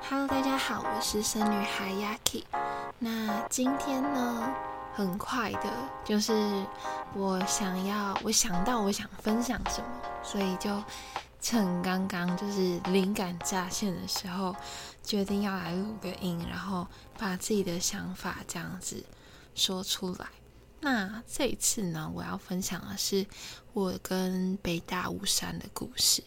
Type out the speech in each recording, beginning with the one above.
哈嘍，大家好，我是山女孩 Yaki，那今天呢，很快的，就是我想要，我想到我想分享什麼，所以就趁剛剛就是靈感乍現的時候，決定要來錄個音，然後把自己的想法這樣子說出來。那這一次呢，我要分享的是我跟北大武山的故事。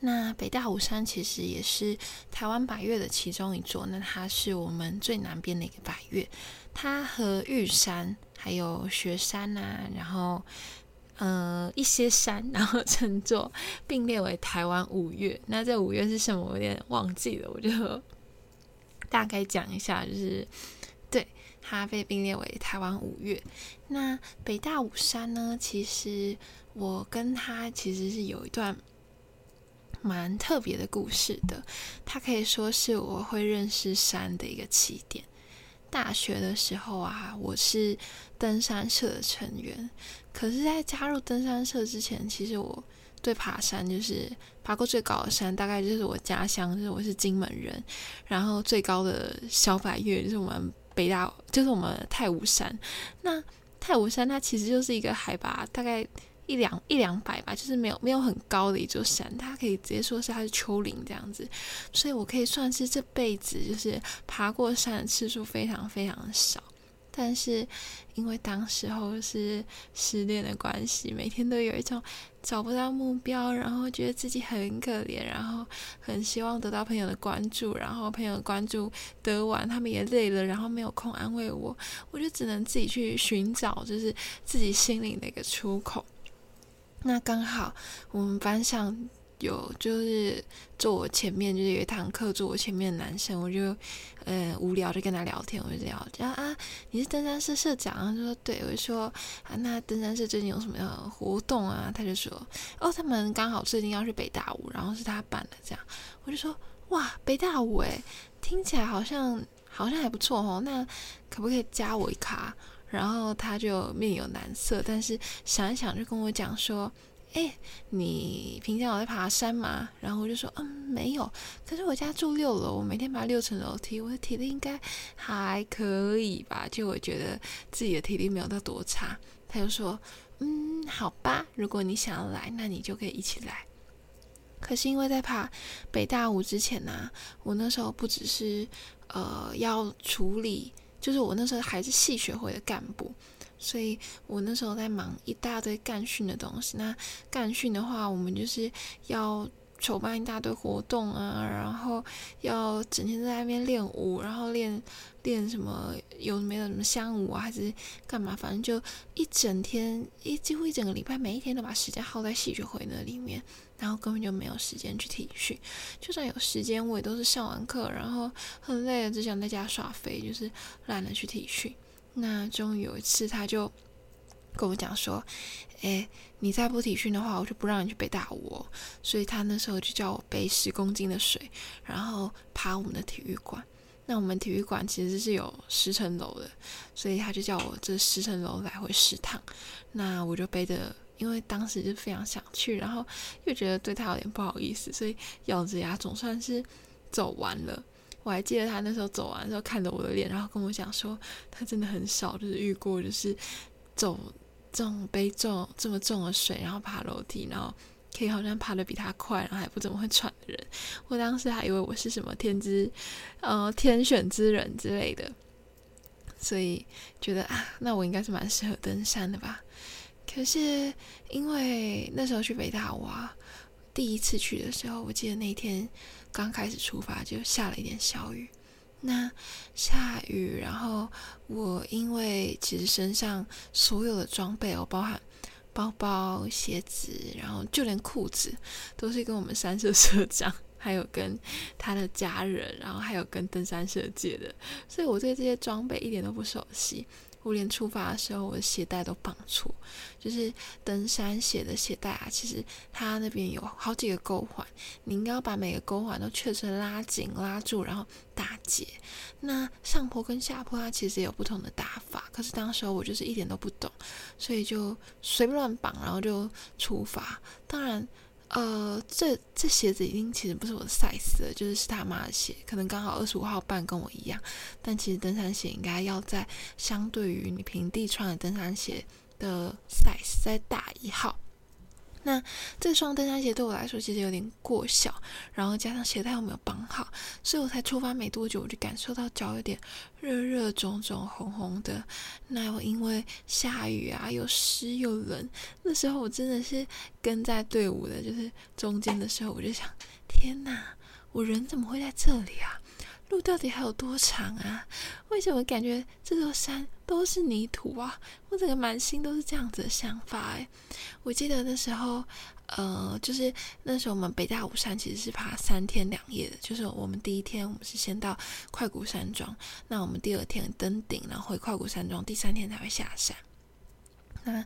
那北大武山其實也是台灣百嶽的其中一座，那它是我們最南邊的一個百嶽，它和玉山、還有雪山吶、啊，然後嗯、呃、一些山，然後稱作並列為台灣五岳。那這五岳是什麼？我有點忘記了，我就大概講一下，就是。對，他被並列為台灣五岳。那北大武山呢？其實我跟他其實是有一段蠻特別的故事的。他可以說是我會認識山的一個起點。大學的時候啊，我是登山社的成員。可是，在加入登山社之前，其實我對爬山就是爬過最高的山，大概就是我家鄉，就是我是金門人，然後最高的小百岳就是我們。北大，就是我們太武山，那太武山它其實就是一個海拔大概一兩一兩百吧，就是沒有沒有很高的一座山，它可以直接說是它是丘陵這樣子，所以我可以算是這輩子就是爬過山的次數非常非常少。但是，因為當時候是失戀的關係，每天都有一種找不到目標，然後覺得自己很可憐，然後很希望得到朋友的關注，然後朋友的關注得完，他們也累了，然後沒有空安慰我，我就只能自己去尋找，就是自己心靈的一個出口。那剛好我們班上。有就是坐我前面，就是有一堂課坐我前面的男生，我就嗯無聊就跟他聊天，我就聊啊啊，你是登山社社長？他就說對，我就說啊，那登山社最近有什麼樣的活動啊？他就說哦，他們剛好最近要去北大武，然後是他辦的，這樣，我就說哇，北大武哎，欸，聽起來好像好像還不錯哦，那可不可以加我一卡？然後他就面有難色，但是想一想就跟我講說。哎，你平常有在爬山嗎？然後我就說，嗯，沒有。可是我家住六樓，我每天爬六層樓梯，我的體力應該還可以吧？就我覺得自己的體力沒有到多差。他就說，嗯，好吧，如果你想要來，那你就可以一起來。可是因為在爬北大武之前呢、啊，我那時候不只是呃要處理，就是我那時候還是系學會的幹部。所以我那時候在忙一大堆幹訓的東西。那幹訓的話，我們就是要籌辦一大堆活動啊，然後要整天在那邊練舞，然後練練什麼有沒有什麼相舞啊，還是幹嘛？反正就一整天，一幾乎一整個禮拜，每一天都把時間耗在戲劇會那裡面，然後根本就沒有時間去體訓。就算有時間，我也都是上完課，然後很累了，只想在家耍廢，就是懶得去體訓。那終於有一次，他就跟我講說：“哎、欸，你再不體訓的話，我就不讓你去北大武。”所以他那時候就叫我背十公斤的水，然後爬我們的體育館。那我們體育館其實是有十層樓的，所以他就叫我這十層樓來回十趟。那我就背着，因為當時是非常想去，然後又覺得對他有點不好意思，所以咬着牙總算是走完了。我還記得他那時候走完的時候，看着我的臉，然後跟我講說，他真的很少就是遇過，就是走這種背重這麼重的水，然後爬樓梯，然後可以好像爬得比他快，然後還不怎麼會喘的人。我當時還以為我是什麼天之，呃，天選之人之類的，所以覺得啊，那我應該是蠻適合登山的吧。可是因為那時候去北大武，啊，第一次去的時候，我記得那天。剛開始出發就下了一點小雨，那下雨，然後我因為其實身上所有的裝備哦，包含包包、鞋子，然後就連褲子，都是跟我們山社社長，還有跟他的家人，然後還有跟登山社借的，所以我對這些裝備一點都不熟悉。我連出發的時候，我的鞋帶都綁錯。就是登山鞋的鞋帶啊，其實它那邊有好幾個鈎環，你應該要把每個鈎環都確實拉緊、拉住，然後打結。那上坡跟下坡，它其實也有不同的打法。可是當時我就是一點都不懂，所以就隨便亂綁，然後就出發。當然。呃，這這鞋子已經其實不是我的 size 了，就是是他媽的鞋，可能剛好二十五號半跟我一樣，但其實登山鞋應該要在相對於你平地穿的登山鞋的 size 再大一號。那這雙登山鞋對我來說其實有點過小，然後加上鞋帶又沒有綁好，所以我才出發沒多久，我就感受到腳有點熱熱腫腫、紅紅的。那又因為下雨啊，又濕又冷，那時候我真的是跟在隊伍的，就是中間的時候，我就想：天吶，我人怎麼會在這裡啊？路到底還有多長啊？為什麼感覺這座山都是泥土啊？我整個滿心都是這樣子的想法哎。我記得那時候，呃，就是那時候我們北大武山其實是爬三天兩夜的，就是我們第一天我們是先到檜谷山莊，那我們第二天登頂，然後回檜谷山莊，第三天才會下山。那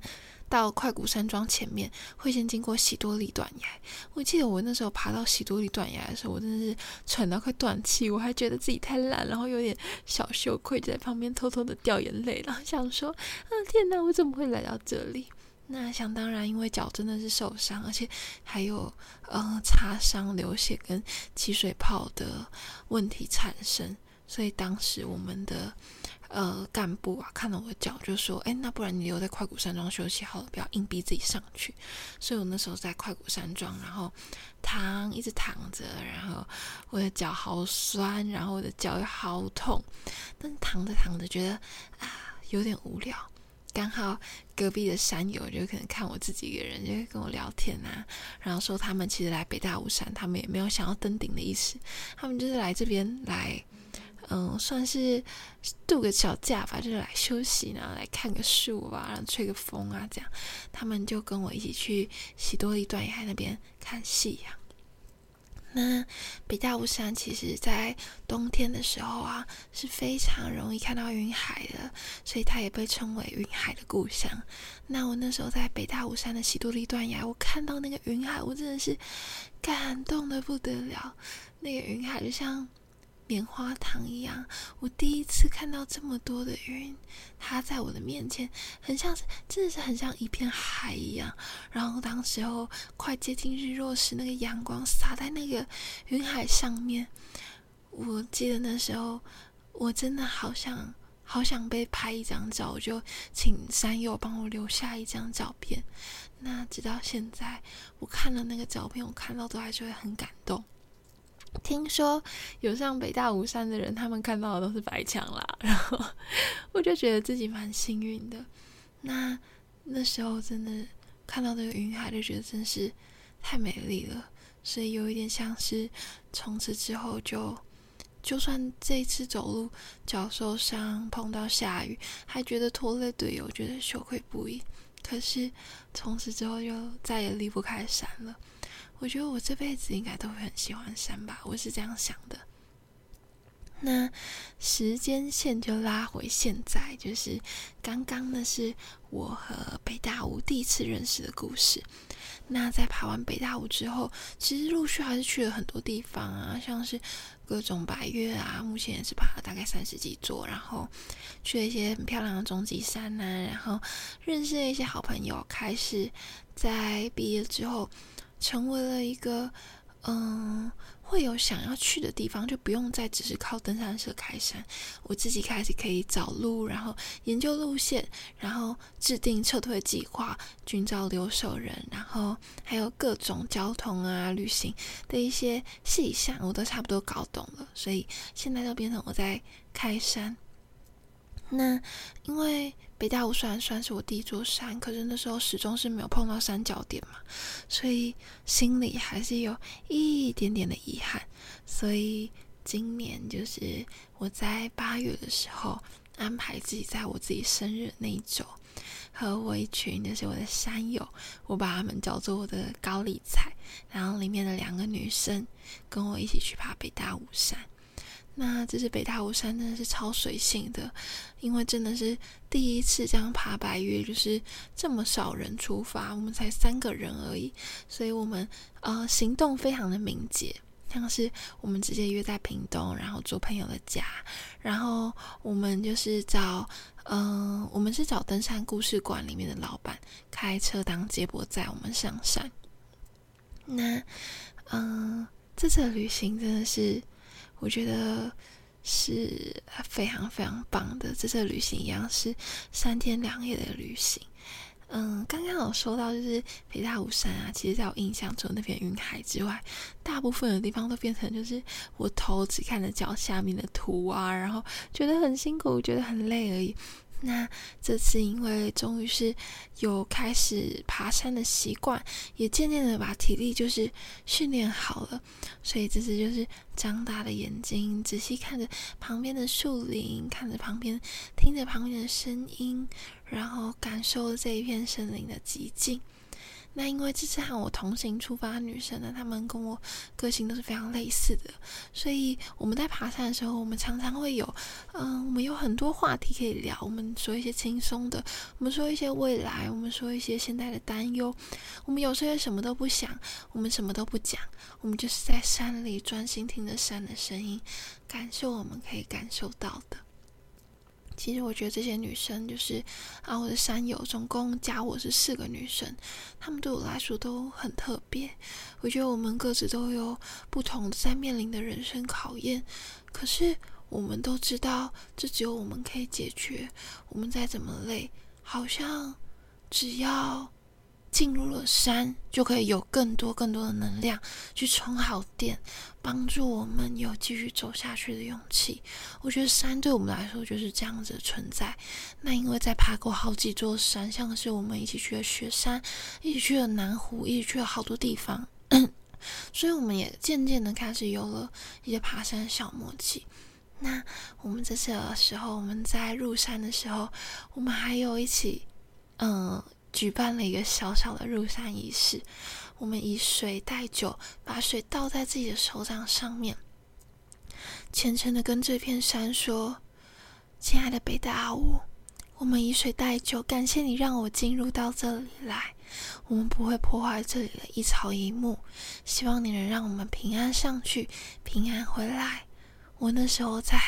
到檜谷山莊前面，會先經過喜多麗斷崖。我記得我那時候爬到喜多麗斷崖的時候，我真的是喘到快斷氣，我還覺得自己太爛，然後有點小羞愧，在旁邊偷偷的掉眼淚，然後想說：啊，天哪，我怎麼會來到這裡？那想當然，因為腳真的是受傷，而且還有呃擦傷、流血跟起水泡的問題產生，所以當時我們的。呃，幹部啊，看到我的腳就說：“哎、欸，那不然你留在檜谷山莊休息好了，不要硬逼自己上去。”所以，我那時候在檜谷山莊，然後躺一直躺着，然後我的腳好酸，然後我的腳又好痛。但是躺着躺着，覺得啊，有點無聊。剛好隔壁的山友就可能看我自己一個人，就跟我聊天吶、啊，然後說他們其實來北大武山，他們也沒有想要登頂的意思，他們就是來這邊來。嗯，算是度個小假吧，就是來休息然後來看個樹啊，然後吹個風啊，這樣。他們就跟我一起去喜多利斷崖那邊看夕陽。那北大武山其實在冬天的時候啊，是非常容易看到雲海的，所以它也被稱為雲海的故鄉。那我那時候在北大武山的喜多利斷崖，我看到那個雲海，我真的是感動得不得了。那個雲海就像……棉花糖一樣，我第一次看到這麼多的雲，它在我的面前，很像是，真的是很像一片海一樣。然後當時候快接近日落時，那個陽光灑在那個雲海上面，我記得那時候我真的好想好想被拍一張照，我就請山友幫我留下一張照片。那直到現在，我看了那個照片，我看到都還是會很感動。聽說有上北大武山的人，他們看到的都是白牆啦。然後我就覺得自己蠻幸運的。那那時候真的看到那個雲海，就覺得真是太美麗了。所以有一點像是從此之後就，就就算這一次走路腳受傷，碰到下雨，還覺得拖累隊友，覺得羞愧不已。可是從此之後，又再也離不開山了。我覺得我這輩子應該都會很喜歡山吧，我是這樣想的。那時間線就拉回現在，就是剛剛呢，是我和北大武第一次認識的故事。那在爬完北大武之後，其實陸續還是去了很多地方啊，像是各種百岳啊，目前也是爬了大概三十幾座，然後去了一些很漂亮的中級山啊，然後認識了一些好朋友，開始在畢業之後。成為了一個，嗯、呃，會有想要去的地方，就不用再只是靠登山社開山，我自己開始可以找路，然後研究路線，然後制定撤退計劃，尋找留守人，然後還有各種交通啊、旅行的一些細項，我都差不多搞懂了，所以現在就變成我在開山。那因為北大武雖然算是我第一座山，可是那時候始終是沒有碰到三角點嘛，所以心裡還是有一點點的遺憾。所以今年就是我在八月的時候安排自己在我自己生日那一周，和我一群就是我的山友，我把他們叫做我的高麗菜，然後裡面的兩個女生跟我一起去爬北大武山。那這是北大武山，真的是超隨性的，因為真的是第一次這樣爬百岳，就是這麼少人出發，我們才三個人而已，所以我們呃行動非常的敏捷，像是我們直接約在屏東，然後住朋友的家，然後我們就是找，嗯、呃，我們是找登山故事館裡面的老板開車當接駁，載我們上山。那嗯、呃，這次的旅行真的是。我覺得是非常非常棒的，這次旅行一樣是三天兩夜的旅行。嗯，剛剛有說到就是北大武山啊，其實在我印象中，那片雲海之外，大部分的地方都變成就是我頭只看着腳下面的土啊，然後覺得很辛苦，覺得很累而已。那這次因為終於是有開始爬山的習慣，也漸漸的把體力就是訓練好了，所以這次就是張大了眼睛，仔細看着旁邊的樹林，看着旁邊，聽着旁邊的聲音，然後感受了這一片森林的寂靜。那因為這次和我同行出發的女生呢，她們跟我個性都是非常類似的，所以我們在爬山的時候，我們常常會有，嗯，我們有很多話題可以聊。我們說一些輕鬆的，我們說一些未來，我們說一些現在的擔憂。我們有時候也什麼都不想，我們什麼都不講，我們就是在山裡專心聽着山的聲音，感受我們可以感受到的。其實我覺得這些女生就是啊，我的山友，總共加我是四個女生，她們對我來說都很特別。我覺得我們各自都有不同在面臨的人生考驗，可是我們都知道，這只有我們可以解決。我們再怎麼累，好像只要，進入了山，就可以有更多更多的能量去充好電，幫助我們有繼續走下去的勇氣。我覺得山對我們來說就是這樣子的存在。那因為在爬過好幾座山，像是我們一起去了雪山，一起去了南湖，一起去了好多地方， 所以我們也漸漸的開始有了一些爬山的小默契。那我們這次的時候，我們在入山的時候，我們還有一起，嗯、呃。舉辦了一個小小的入山儀式，我們以水代酒，把水倒在自己的手掌上面，虔誠的跟這片山說：“親愛的北大阿武，我們以水代酒，感謝你讓我進入到這裡來。我們不會破壞這裡的一草一木，希望你能讓我們平安上去，平安回來。我那時候在。”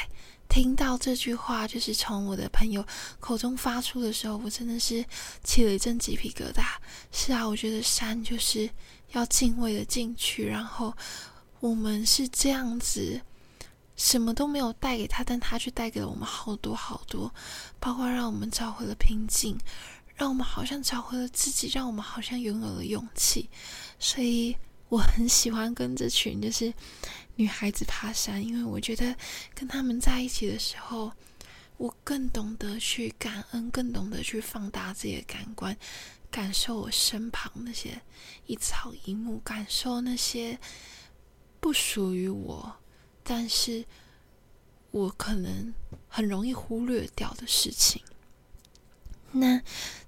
聽到這句話，就是從我的朋友口中發出的時候，我真的是起了一陣雞皮疙瘩、啊。是啊，我覺得山就是要敬畏的進去，然後我們是這樣子，什麼都沒有帶給他，但他卻帶給了我們好多好多，包括讓我們找回了平靜，讓我們好像找回了自己，讓我們好像擁有了勇氣，所以。我很喜歡跟這群就是女孩子爬山，因為我覺得跟她們在一起的時候，我更懂得去感恩，更懂得去放大自己的感官，感受我身旁那些一草一木，感受那些不屬於我，但是我可能很容易忽略掉的事情。那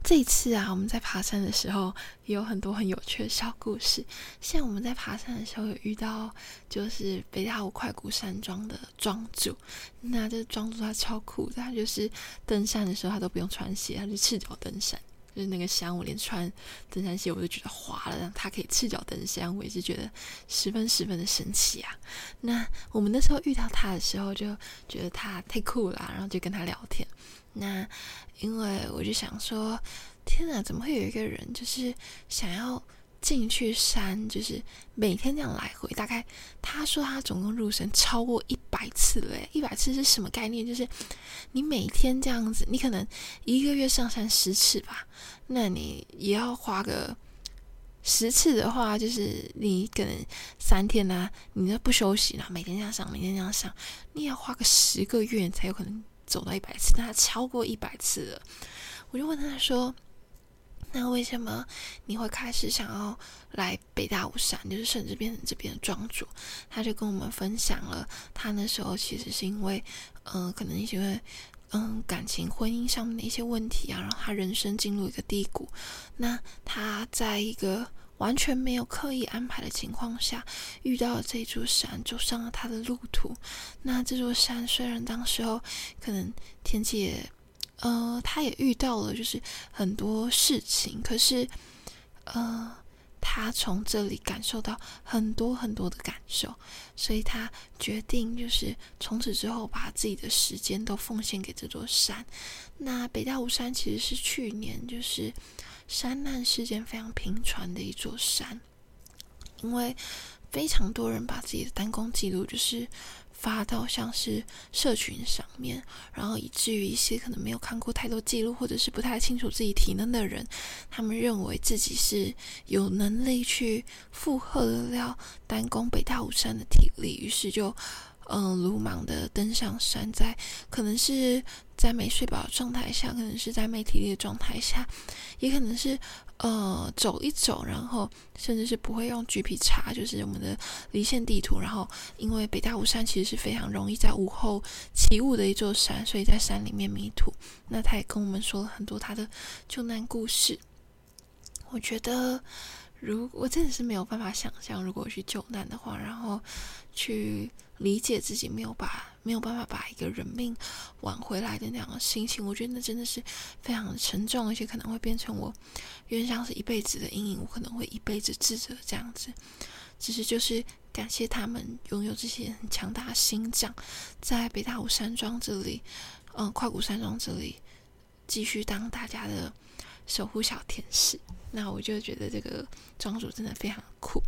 這一次啊，我們在爬山的時候也有很多很有趣的小故事。像我們在爬山的時候，有遇到就是北大武檜谷山莊的莊主。那這莊主他超酷的，他就是登山的時候他都不用穿鞋，他就赤腳登山。就是那個山，我連穿登山鞋我都覺得滑了，但他可以赤腳登山，我也是覺得十分十分的神奇啊。那我們那時候遇到他的時候，就覺得他太酷了、啊，然後就跟他聊天。那，因為我就想說，天哪，怎麼會有一個人就是想要進去山，就是每天這樣來回？大概他說他總共入山超過一百次了，一百次是什麼概念？就是你每天這樣子，你可能一個月上山十次吧，那你也要花個十次的話，就是你可能三天吶、啊，你都不休息，然後每天這樣上，每天這樣上，你也要花個十個月才有可能。走到一百次，那他超過一百次了，我就問他說：“那為什麼你會開始想要來北大武山，就是甚至變成這邊的莊主？”他就跟我們分享了，他那時候其實是因為，嗯、呃，可能因為嗯、呃、感情、婚姻上面的一些問題啊，然後他人生進入一個低谷。那他在一個，完全沒有刻意安排的情況下，遇到了這座山，走上了他的路途。那這座山雖然當時候可能天氣也，呃，他也遇到了就是很多事情，可是，呃。他從這裡感受到很多很多的感受，所以他決定就是從此之後把自己的時間都奉獻給這座山。那北大武山其實是去年就是山難事件非常頻傳的一座山，因為非常多人把自己的單攻記錄就是。發到像是社群上面，然後以至於一些可能沒有看過太多記錄，或者是不太清楚自己體能的人，他們認為自己是有能力去負荷得了單攻北大武山的體力，於是就嗯、呃、魯莽的登上山，在，可能是在沒睡飽的狀態下，可能是在沒體力的狀態下，也可能是。呃，走一走，然後甚至是不會用橘皮查，就是我們的離線地圖。然後，因為北大武山其實是非常容易在午後起霧的一座山，所以在山裡面迷途。那他也跟我們說了很多他的救難故事。我覺得，如果我真的是沒有辦法想象，如果去救難的話，然後去。理解自己沒有把沒有辦法把一個人命挽回來的那樣的心情，我覺得那真的是非常的沉重，而且可能會變成我，有點像是一輩子的陰影，我可能會一輩子自責這樣子。其實就是感謝他們擁有這些很強大的心臟，在北大武山莊這裡，嗯、呃，檜谷山莊這裡繼續當大家的守護小天使。那我就覺得這個莊主真的非常酷。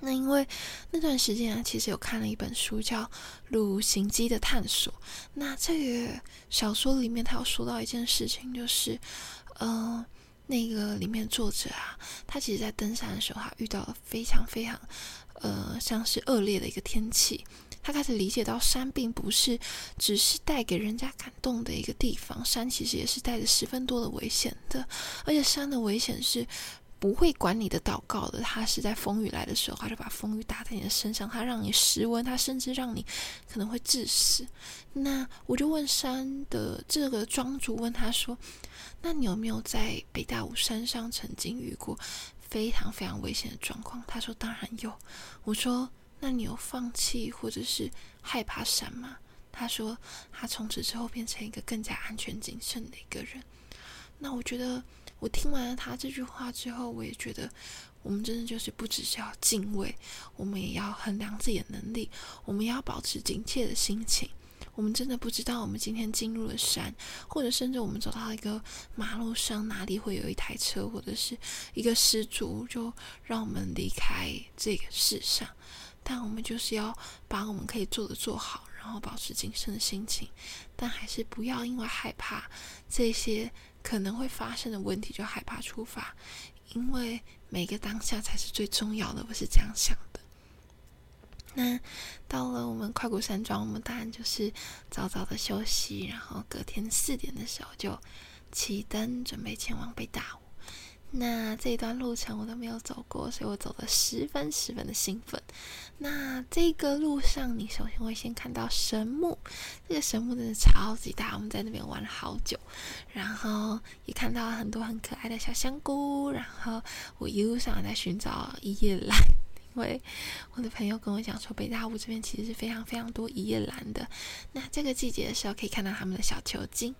那因為那段時間啊，其實有看了一本書，叫《路行基的探索》。那這個小說裡面，他有說到一件事情，就是，嗯、呃，那個裡面作者啊，他其實在登山的時候，他遇到了非常非常，呃，像是惡劣的一個天氣。他開始理解到，山並不是只是帶給人家感動的一個地方，山其實也是帶着十分多的危險的，而且山的危險是。不會管你的禱告的，他是在風雨來的時候，他就把風雨打在你的身上，他讓你失溫，他甚至讓你可能會致死。那我就問山的這個莊主問他說：“那你有沒有在北大武山上曾經遇過非常非常危險的狀況？”他說：“當然有。”我說：“那你有放棄或者是害怕山嗎？”他說：“他從此之後變成一個更加安全謹慎的一個人。”那我覺得。我聽完了他這句話之後，我也覺得，我們真的就是不只是要敬畏，我們也要衡量自己的能力，我們也要保持警戒的心情。我們真的不知道，我們今天進入了山，或者甚至我們走到一個馬路上，哪裡會有一台車，或者是一個失足，就讓我們離開這個世上。但我們就是要把我們可以做的做好，然後保持謹慎的心情，但還是不要因為害怕這些。可能會發生的問題，就害怕出發，因為每個當下才是最重要的，我是這樣想的。那到了我們檜谷山莊，我們當然就是早早的休息，然後隔天四點的時候就起登，準備前往北大武。那這一段路程我都沒有走過，所以我走得十分十分的興奮。那這個路上，你首先會先看到神木，這個神木真的超級大，我們在那邊玩了好久。然後也看到很多很可愛的小香菇。然後我一路上在尋找一葉蘭，因為我的朋友跟我講說，北大武這邊其實是非常非常多一葉蘭的。那這個季節的時候，可以看到它們的小球莖。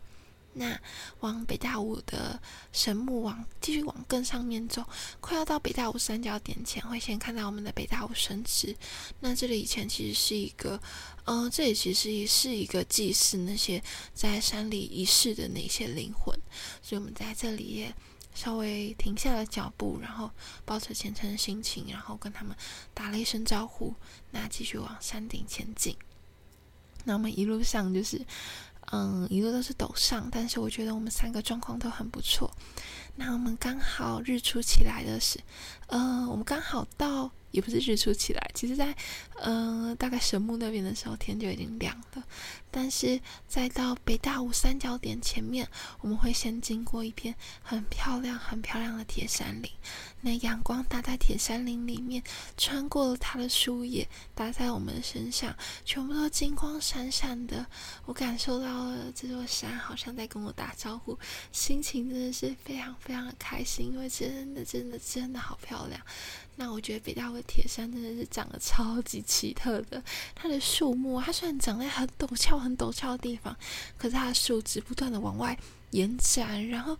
那往北大武的神木往繼續往更上面走，快要到北大武三角點前，會先看到我們的北大武神祠。那這裡以前其實是一個，嗯、呃，這裡其實也是一個祭祀那些在山裡離世的那些靈魂，所以我們在這裡也稍微停下了腳步，然後抱着虔誠的心情，然後跟他們打了一聲招呼。那繼續往山頂前進，那我們一路上就是。嗯，一路都是陡上，但是我覺得我們三個狀況都很不錯。那我們剛好日出起來的是。嗯、呃，我們剛好到也不是日出起來，其實在嗯、呃、大概神木那邊的時候天就已經亮了。但是再到北大武三角點前面，我們會先經過一片很漂亮、很漂亮的鐵杉林。那陽光打在鐵杉林裡面，穿過了它的樹葉，打在我們的身上，全部都金光閃閃的。我感受到了這座山好像在跟我打招呼，心情真的是非常非常的開心，因為真的、真的、真的好漂亮。漂亮。那我覺得北大武鐵杉真的是長得超級奇特的。它的樹木，它雖然長在很陡峭、很陡峭的地方，可是它的樹枝不斷的往外延展，然後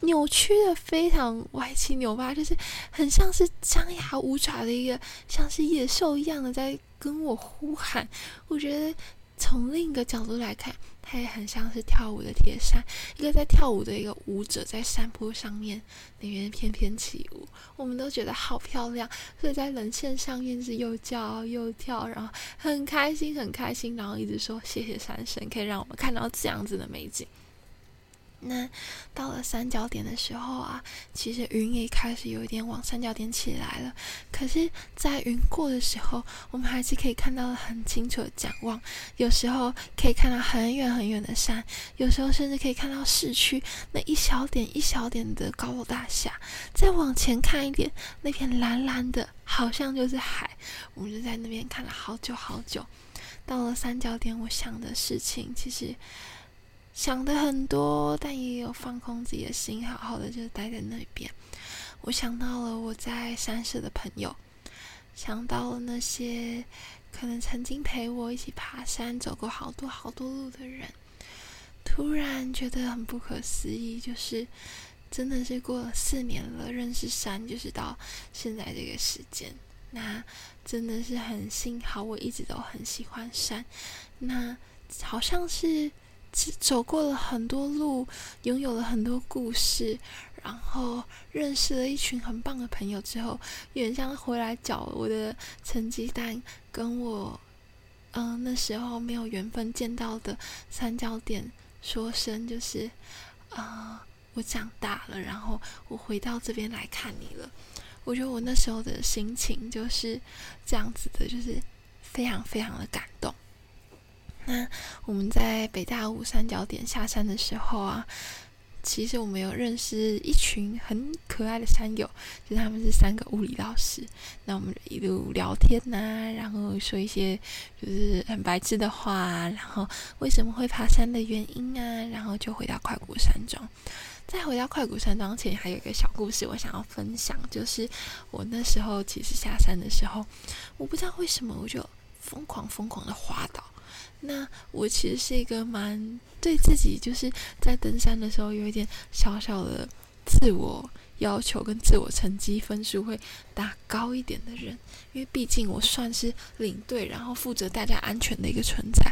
扭曲的非常歪七扭八，就是很像是張牙舞爪的一個，像是野獸一樣的在跟我呼喊。我覺得。從另一個角度來看，它也很像是跳舞的鐵杉，一個在跳舞的一個舞者，在山坡上面裡面翩翩起舞，我們都覺得好漂亮。所以在稜線上面是又叫又跳，然後很開心很開心，然後一直說謝謝山神，可以讓我們看到這樣子的美景。那到了三角點的時候啊，其實雲也開始有一點往三角點起來了。可是，在雲過的時候，我們還是可以看到很清楚的展望。有時候可以看到很遠很遠的山，有時候甚至可以看到市區那一小點一小點的高樓大廈。再往前看一點，那片藍藍的，好像就是海。我們就在那邊看了好久好久。到了三角點，我想的事情其實……想的很多，但也有放空自己的心，好好的就待在那邊。我想到了我在山社的朋友，想到了那些可能曾經陪我一起爬山、走過好多好多路的人。突然覺得很不可思議，就是真的是過了四年了，認識山，就是到現在這個時間。那真的是很幸好，我一直都很喜歡山。那好像是。走過了很多路，擁有了很多故事，然後認識了一群很棒的朋友之後，有點像回來找我的成績單，跟我，嗯、呃，那時候沒有緣分見到的三角點說聲就是，啊、呃，我長大了，然後我回到這邊來看你了。我覺得我那時候的心情就是這樣子的，就是非常非常的感動。那我們在北大武山腳點下山的時候啊，其實我們有認識一群很可愛的山友，就是、他們是三個物理老師。那我們就一路聊天吶、啊，然後說一些就是很白痴的話、啊，然後為什麼會爬山的原因啊，然後就回到檜谷山莊。再回到檜谷山莊前，還有一個小故事我想要分享，就是我那時候其實下山的時候，我不知道為什麼我就瘋狂瘋狂的滑倒。那我其實是一個蠻對自己，就是在登山的時候有一點小小的自我要求跟自我成績分數會打高一點的人，因為畢竟我算是領隊，然後負責大家安全的一個存在，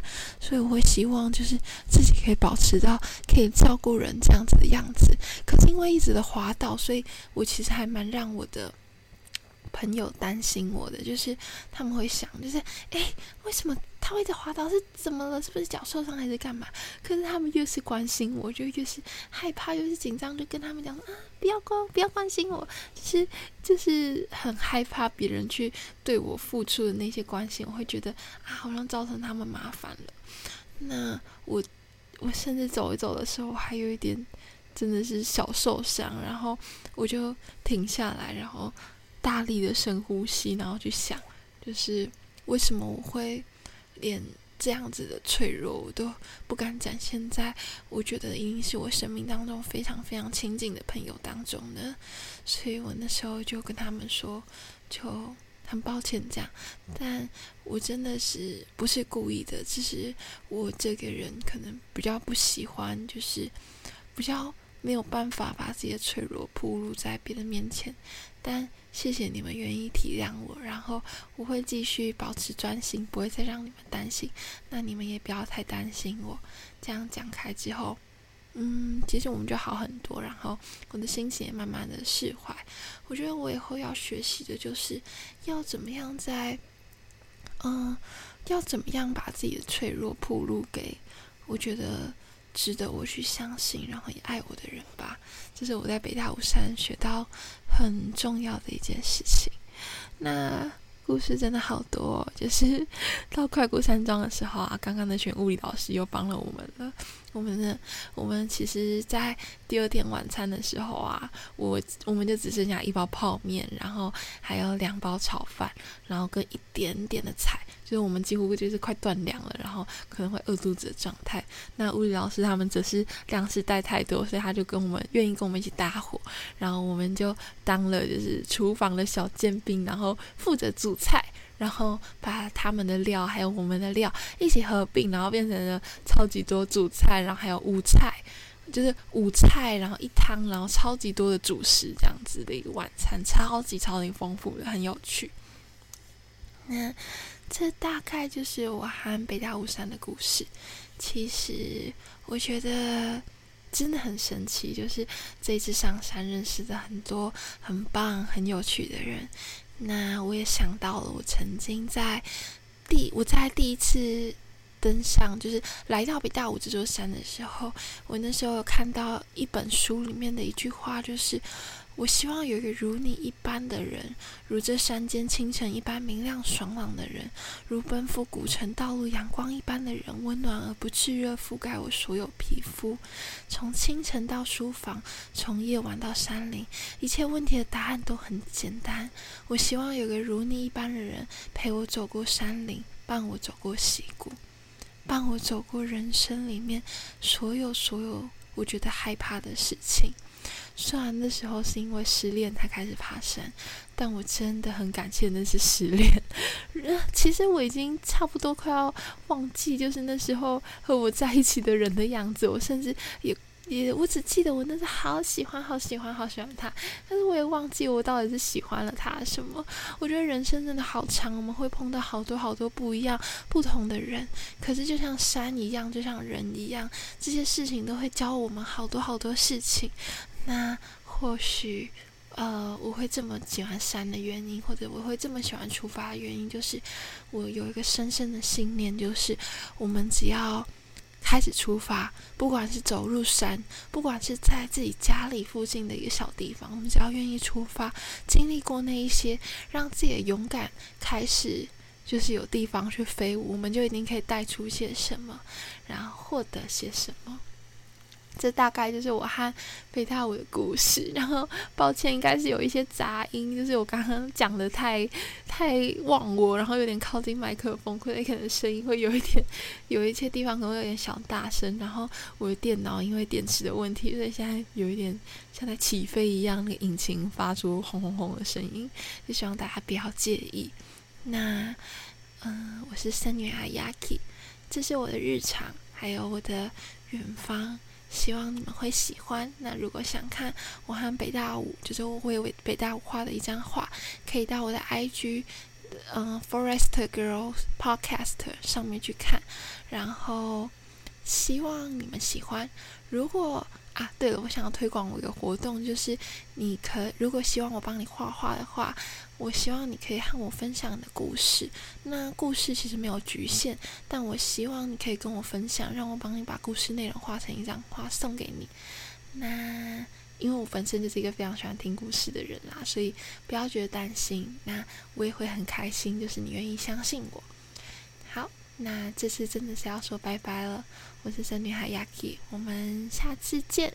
所以我會希望就是自己可以保持到可以照顧人這樣子的樣子。可是因為一直的滑倒，所以我其實還蠻讓我的。朋友擔心我的，就是他們會想，就是哎，為什麼他會在滑倒？是怎麼了？是不是腳受傷還是幹嘛？可是他們越是關心我，就越是害怕，越是緊張。就跟他們講啊，不要關，不要關心我。其實，就是很害怕別人去對我付出的那些關心，我會覺得啊，好像造成他們麻煩了。那我，我甚至走一走的時候，還有一點真的是小受傷，然後我就停下來，然後。大力的深呼吸，然後去想，就是為什麼我會連這樣子的脆弱我都不敢展現在我覺得一定是我生命當中非常非常親近的朋友當中呢？所以我那時候就跟他們說，就很抱歉這樣，但我真的是不是故意的，只是我這個人可能比較不喜歡，就是比較沒有辦法把自己的脆弱暴露在別人面前，但。謝謝你們願意體諒我，然後我會繼續保持專心，不會再讓你們擔心。那你們也不要太擔心我。這樣講開之後，嗯，其實我們就好很多，然後我的心情也慢慢的釋懷。我覺得我以後要學習的就是要怎麼樣在，嗯，要怎麼樣把自己的脆弱暴露給。我覺得。值得我去相信，然後也愛我的人吧。這是我在北大武山學到很重要的一件事情。那故事真的好多哦，就是到檜谷山莊的時候啊，剛剛那群物理老師又幫了我們了。我們呢？我們其實，在第二天晚餐的時候啊，我我們就只剩下一包泡麵，然後還有兩包炒飯，然後跟一點點的菜，就是我們幾乎就是快斷糧了，然後可能會餓肚子的狀態。那物理老師他們則是糧食帶太多，所以他就跟我們願意跟我們一起搭伙，然後我們就當了就是廚房的小尖兵，然後負責煮菜。然後把他們的料還有我們的料一起合併，然後變成了超級多主菜，然後還有五菜，就是五菜，然後一湯，然後超級多的主食，這樣子的一個晚餐，超級超級豐富的，很有趣。那、嗯、這大概就是我和北大武山的故事。其實我覺得真的很神奇，就是這一次上山認識的很多很棒、很有趣的人。那我也想到了，我曾經在第我在第一次登上，就是來到北大武這座山的時候，我那時候有看到一本書裡面的一句話，就是。我希望有一個如你一般的人，如這山間清晨一般明亮爽朗的人，如奔赴古城道路陽光一般的人，溫暖而不炙熱，覆蓋我所有皮膚。從清晨到書房，從夜晚到山林，一切問題的答案都很簡單。我希望有個如你一般的人，陪我走過山林，伴我走過溪谷，伴我走過人生裡面所有所有我覺得害怕的事情。雖然那時候是因為失戀，才開始爬山，但我真的很感謝那次失戀。其實我已經差不多快要忘記，就是那時候和我在一起的人的樣子。我甚至也也，我只記得我那時候好喜歡、好喜歡、好喜歡他。但是我也忘記我到底是喜歡了他什麼。我覺得人生真的好長，我們會碰到好多好多不一樣、不同的人。可是就像山一樣，就像人一樣，這些事情都會教我們好多好多事情。那或許，呃，我會這麼喜歡山的原因，或者我會這麼喜歡出發的原因，就是我有一個深深的信念，就是我們只要開始出發，不管是走入山，不管是在自己家裡附近的一個小地方，我們只要願意出發，經歷過那一些，讓自己的勇敢開始，就是有地方去飛舞，我們就一定可以帶出些什麼，然後獲得些什麼。這大概就是我和北大武的故事。然後，抱歉，應該是有一些雜音，就是我剛剛講的太太忘我，然後有點靠近麥克風，可能聲音會有一點，有一些地方可能會有點小大聲。然後，我的電腦因為電池的問題，所以現在有一點像在起飛一樣，那個引擎發出轟轟轟的聲音，就希望大家不要介意。那，嗯，我是森女阿 Yaki，這是我的日常，還有我的遠方。希望你們會喜歡。那如果想看我和北大武，就是我會為北大武畫的一張畫，可以到我的 IG，嗯，Forest Girls Podcast 上面去看。然後希望你們喜歡。如果啊，對了，我想要推廣我一個活動，就是你可如果希望我幫你畫畫的話，我希望你可以和我分享你的故事。那故事其實沒有局限，但我希望你可以跟我分享，讓我幫你把故事內容畫成一張畫送給你。那因為我本身就是一個非常喜歡聽故事的人啦、啊，所以不要覺得擔心。那我也會很開心，就是你願意相信我。好，那這次真的是要說拜拜了。我是山女孩 Yaki，我們下次見。